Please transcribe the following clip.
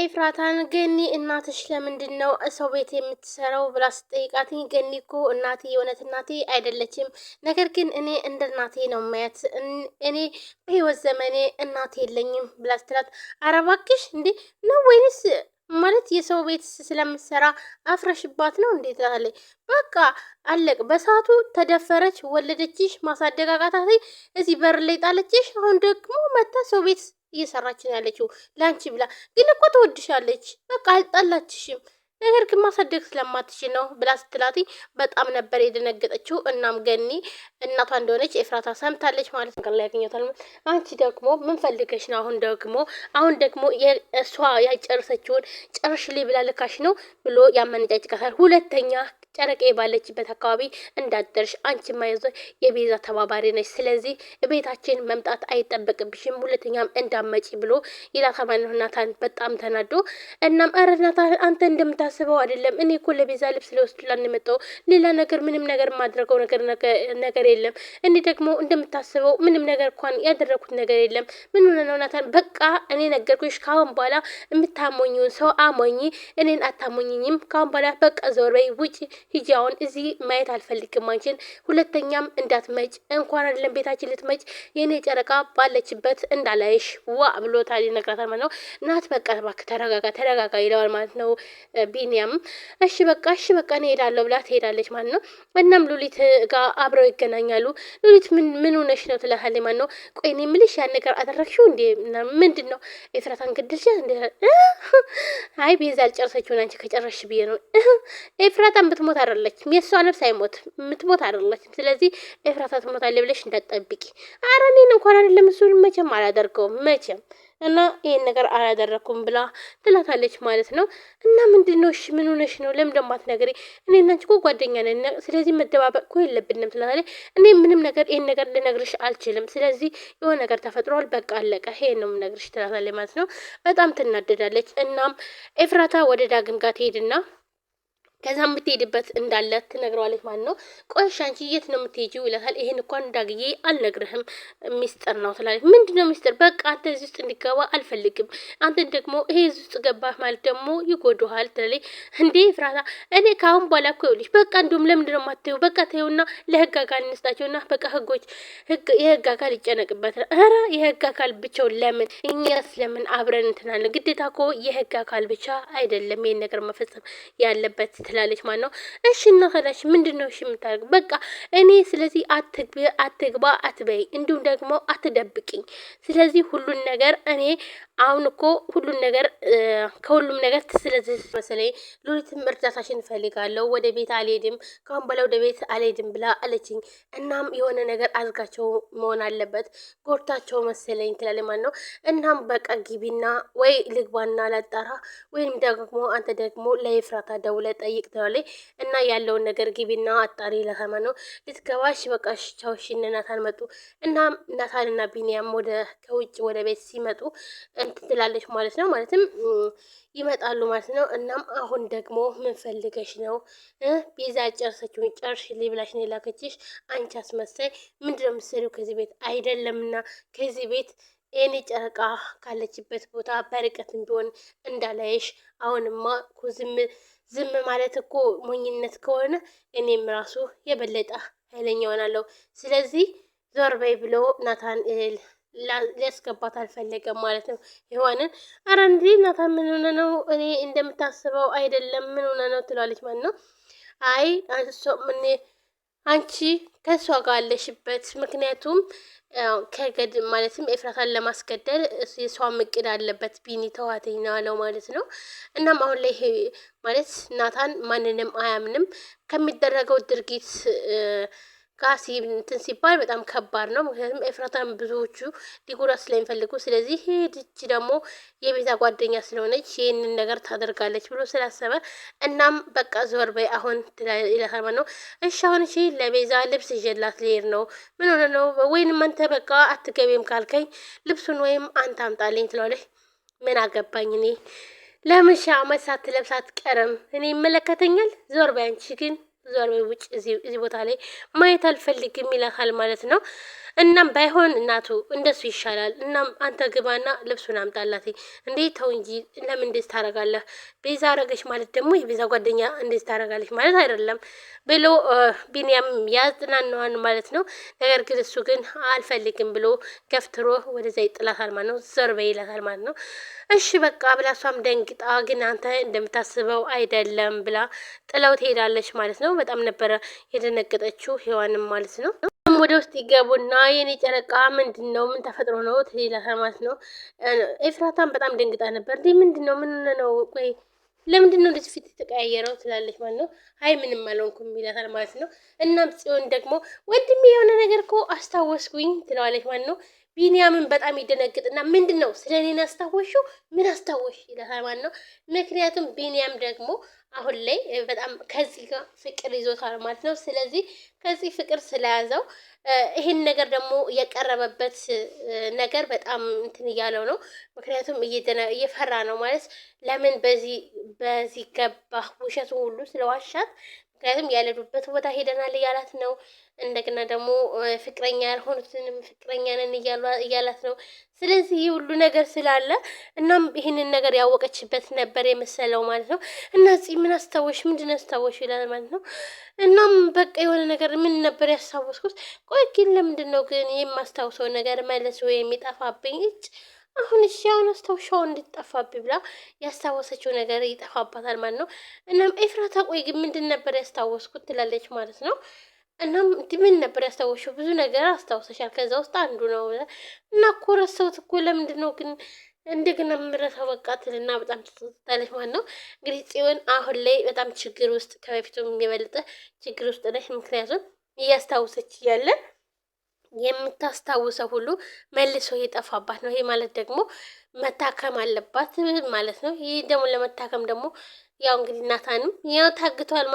ኤፍራታን ገኒ እናትሽ ለምንድን ነው ሰው ቤት የምትሰራው ብላ ስጠይቃት ገኒ እኮ እናቴ የእውነት እናቴ አይደለችም፣ ነገር ግን እኔ እንደ እናቴ ነው ማየት እኔ በህይወት ዘመኔ እናቴ የለኝም ብላ ስትላት ኧረ እባክሽ እንዴ ነው ወይንስ ማለት የሰው ቤት ስለምሰራ አፍረሽባት ነው እንዴት ትላለች። በቃ አለቅ በሰዓቱ ተደፈረች፣ ወለደችሽ፣ ማሳደግ አቃታት፣ እዚህ በር ላይ ጣለችሽ። አሁን ደግሞ መታ ሰው ቤት እየሰራች ነው ያለችው ለአንቺ ብላ። ግን እኮ ትወድሻለች፣ በቃ አልጣላችሽም፣ ነገር ግን ማሳደግ ስለማትች ነው ብላ ስትላት በጣም ነበር የደነገጠችው። እናም ገኒ እናቷ እንደሆነች ኤፍራታ ሰምታለች ማለት ነው። ላይ ያገኘታል። አንቺ ደግሞ ምን ፈልገሽ ነው? አሁን ደግሞ አሁን ደግሞ እሷ ያጨርሰችውን ላይ ብላ ልካሽ ነው ብሎ ያመነጫጭቃታል። ሁለተኛ ጨረቄ ባለችበት አካባቢ እንዳደርሽ አንቺ ማይዞ የቤዛ ተባባሪ ነች። ስለዚህ ቤታችን መምጣት አይጠበቅብሽም፣ ሁለተኛም እንዳመጪ ብሎ ይላታል ማለት ናታን በጣም ተናዶ እናም ኧረ ናታን አንተ እንደምታስበው አይደለም። እኔ እኮ ለቤዛ ልብስ ሊወስዱላ እንደመጣው ሌላ ነገር ምንም ነገር ማድረገው ነገር ነገር የለም። እኔ ደግሞ እንደምታስበው ምንም ነገር እንኳን ያደረኩት ነገር የለም። ምን ሆነ ነው ናታን? በቃ እኔ ነገርኩሽ። ካሁን በኋላ የምታሞኝውን ሰው አሞኝ እኔን አታሞኝኝም። ካሁን በኋላ በቃ ዞር በይ ውጪ ሂጂ አሁን እዚህ ማየት አልፈልግም አንቺን። ሁለተኛም እንዳትመጭ እንኳን አይደለም ቤታችን ልትመጭ የኔ ጨረቃ ባለችበት እንዳላይሽ ዋ ብሎ ታዲ ነግራታል ማለት ነው። ናት በቃ እባክህ ተረጋጋ፣ ተረጋጋ ይለዋል ማለት ነው። ቢኒያም እሺ በቃ እሺ በቃ እኔ እሄዳለሁ ብላ ትሄዳለች ማለት ነው። እናም ሉሊት ጋር አብረው ይገናኛሉ። ሉሊት ምን ምን ሆነሽ ነው ትላታለች ማለት ነው። ቆይ እኔ የምልሽ ያን ነገር አደረግሽው እንዴ? ምንድን ነው ኤፍራታን ግድልሽ እንዴ? አይ ቤዛ አልጨርሰችውን አንቺ ከጨረስሽ ብዬ ነው ኤፍራታን ብትሞ የምትሞት አይደለችም። የእሷ ነፍስ አይሞትም፣ የምትሞት አይደለችም። ስለዚህ ኤፍራታ ትሞታለች ብለሽ እንዳትጠብቂ። አረ እኔን እንኳን አይደለም እሱን መቼም አላደርገውም መቼም እና ይሄን ነገር አላደረኩም ብላ ትላታለች ማለት ነው። እና ምንድን ነው እሺ፣ ምን ሆነሽ ነው? ለምን ደማት አትነግሪ? እኔ እናንቺ እኮ ጓደኛ ነን፣ ስለዚህ መደባበቅ እኮ የለብንም ትላታለች። እኔ ምንም ነገር ይሄን ነገር ልነግርሽ አልችልም፣ ስለዚህ የሆነ ነገር ተፈጥሯል፣ በቃ አለቀ፣ ይሄ ነው የምነግርሽ ትላታለች ማለት ነው። በጣም ትናደዳለች። እናም ኤፍራታ ወደ ዳግም ጋር ትሄድና ከዛ የምትሄድበት እንዳለ ትነግረዋለች ማለት ነው። ቆይሽ አንቺ የት ነው የምትሄጂው ይላታል። ይሄን እንኳን እንዳግዬ አልነግርህም ሚስጥር ነው ትላለች። ምንድነው ሚስጥር? በቃ አንተ እዚህ ውስጥ እንዲገባ አልፈልግም። አንተን ደግሞ ይሄ እዚህ ውስጥ ገባህ ማለት ደግሞ ይጎዳሃል ትላለች። እንዴ ፍራታ፣ እኔ ከአሁን በኋላ እኮ ይኸውልሽ በቃ እንዲሁም ነው የማትይው? በቃ ተይውና ለህግ አካል እንስጣቸውና በቃ ህጎች የህግ አካል ይጨነቅበት። ኧረ የህግ አካል ብቻው ለምን እኛስ ለምን አብረን እንትናለን? ግዴታ እኮ የህግ አካል ብቻ አይደለም ይሄን ነገር መፈጸም ያለበት ትላለች ማለት ነው። እሺ እና ከላሽ ምንድን ነው እሺ የምታደርግ በቃ እኔ ስለዚህ አትግባ አትበይ፣ እንዲሁም ደግሞ አትደብቅኝ። ስለዚህ ሁሉን ነገር እኔ አሁን እኮ ሁሉን ነገር ከሁሉም ነገር ስለዚህ መሰለኝ ሉሊትም እርዳታሽን እፈልጋለሁ ወደ ቤት አልሄድም ካሁን በላይ ወደ ቤት አልሄድም ብላ አለችኝ። እናም የሆነ ነገር አድርጋቸው መሆን አለበት ጎርታቸው መሰለኝ ትላለች ማለት ነው። እናም በቃ ግቢና ወይ ልግባና ላጣራ ወይም ደግሞ አንተ ደግሞ ለይፍራታ ደውለ ጠይቅ ትላለች እና ያለውን ነገር ግቢና አጣሪ ለተማ ነው ልትገባሽ በቃ ቻውሽን ናታን መጡ። እናም ናታንና ቢንያም ወደ ከውጭ ወደ ቤት ሲመጡ እንትን ትላለች ማለት ነው። ማለትም ይመጣሉ ማለት ነው። እናም አሁን ደግሞ ምን ፈልገሽ ነው ቤዛ ጨርሰችውን ጨርሽ ሊብላሽ ነው የላከችሽ አንቺ አስመሳይ ምንድነው የምትሰሪው ከዚህ ቤት አይደለምና ከዚህ ቤት እኔ ጨረቃ ካለችበት ቦታ በርቀትም ቢሆን እንዳላየሽ። አሁንማ እኮ ዝም ዝም ማለት እኮ ሞኝነት ከሆነ እኔም ራሱ የበለጠ ኃይለኛ ሆናለሁ። ስለዚህ ዞር በይ ብሎ ናታን ሊያስገባት አልፈለገም ማለት ነው። ይሆንን አረ እንዴ እናታ ምን ሆነ ነው? እኔ እንደምታስበው አይደለም ምን ሆነ ነው ትለዋለች ማለት ነው። አይ አንሶ ምን አንቺ ከእሷ ጋር አለሽበት፣ ምክንያቱም ከገድ ማለትም ኤፍራታን ለማስገደል የሷ እቅድ አለበት ቢኒ ተዋተኝ ነው አለው ማለት ነው። እናም አሁን ላይ ማለት ናታን ማንንም አያምንም ከሚደረገው ድርጊት ጋር እንትን ሲባል በጣም ከባድ ነው። ምክንያቱም ኤፍራታን ብዙዎቹ ሊጎዳ ስለሚፈልጉ፣ ስለዚህ ሄድች ደግሞ የቤዛ ጓደኛ ስለሆነች ይህንን ነገር ታደርጋለች ብሎ ስላሰበ እናም በቃ ዞር በይ አሁን ይላታል ነው። እሺ አሁን እሺ ለቤዛ ልብስ ይዤላት ልሄድ ነው። ምን ሆነ ነው ወይንም አንተ በቃ አትገቢም ካልከኝ ልብሱን ወይም አንተ አምጣልኝ ትለዋለች። ምን አገባኝ እኔ ለምን ሺህ ዓመት ሳትለብስ አትቀርም? እኔ ይመለከተኛል። ዞር በይ አንቺ ግን ዛሬ ውጭ እዚህ ቦታ ላይ ማየት አልፈልግም ይላታል ማለት ነው። እናም ባይሆን እናቱ እንደሱ ይሻላል። እናም አንተ ግባና ልብሱን አምጣላት። እንዴ ተው እንጂ ለምን እንዴት ታረጋለህ? ቤዛ አረገች ማለት ደግሞ የቤዛ ጓደኛ እንዴት ታረጋለች ማለት አይደለም ብሎ ቢንያም ያጽናናዋን ማለት ነው። ነገር ግን እሱ ግን አልፈልግም ብሎ ገፍትሮ ወደዛ ይጥላታል ማለት ነው። ዞር በይ ይላታል ማለት ነው። እሺ በቃ ብላ እሷም ደንግጣ ግን አንተ እንደምታስበው አይደለም ብላ ጥለው ትሄዳለች ማለት ነው። በጣም ነበረ የደነገጠችው ሔዋንም ማለት ነው። ወደ ውስጥ ይገቡና የኔ ጨረቃ ምንድን ነው? ምን ተፈጥሮ ነው ትላታለች ማለት ነው። ኤፍራታን በጣም ደንግጣ ነበር። እንዴ ምንድን ነው? ምን ነው? ቆይ ለምንድን ነው እንደዚህ ፊት የተቀያየረው? ትላለች ማለት ነው። አይ ምንም አልሆንኩም ይላታል ማለት ነው። እናም ጽዮን ደግሞ ወንድሜ የሆነ ነገር እኮ አስታወስኩኝ ትለዋለች ማለት ነው። ቢንያምን በጣም ይደነግጥና ምንድን ነው ስለ እኔን አስታወሽው? ምን አስታወሽ ይለታል ማለት ነው። ምክንያቱም ቢንያም ደግሞ አሁን ላይ በጣም ከዚህ ጋር ፍቅር ይዞታል ማለት ነው። ስለዚህ ከዚህ ፍቅር ስለያዘው ይህን ነገር ደግሞ የቀረበበት ነገር በጣም እንትን እያለው ነው። ምክንያቱም እየፈራ ነው ማለት ለምን በዚህ በዚህ ገባ ውሸቱ ሁሉ ስለዋሻት ምክንያቱም ያልሄዱበት ቦታ ሄደናል እያላት ነው። እንደገና ደግሞ ፍቅረኛ ያልሆኑትንም ፍቅረኛ ነን እያላት ነው። ስለዚህ ይህ ሁሉ ነገር ስላለ እናም ይህንን ነገር ያወቀችበት ነበር የመሰለው ማለት ነው። እና ፂ ምን አስታወሽ? ምንድን አስታወሽ ይላል ማለት ነው። እናም በቃ የሆነ ነገር ምን ነበር ያስታወስኩት? ቆይ ግን ለምንድን ነው ግን የማስታውሰው ነገር መለስ የሚጠፋብኝ እጭ አሁን እሺ አሁን አስታውሻው እንድትጠፋብኝ ብላ ያስታወሰችው ነገር ይጠፋባታል ማለት ነው። እናም ኤፍራታ ቆይ ግን ምንድን ነበር ያስታወስኩት ትላለች ማለት ነው። እናም ምን ነበር ያስታወሽው? ብዙ ነገር አስታውሰሻል፣ ከዛ ውስጥ አንዱ ነው እና እኮ ረሳሁት እኮ ለምንድን ነው ግን እንደገና የምረሳው በቃ ትልና በጣም ትጠጣለች ማለት ነው። እንግዲህ ጽዮን አሁን ላይ በጣም ችግር ውስጥ ከበፊቱ የሚበልጥ ችግር ውስጥ ነች። ምክንያቱም እያስታውሰች እያለ የምታስታውሰው ሁሉ መልሶ የጠፋባት ነው። ይሄ ማለት ደግሞ መታከም አለባት ማለት ነው። ይህ ደግሞ ለመታከም ደግሞ ያው እንግዲህ እናታንም ያው ታግቷል።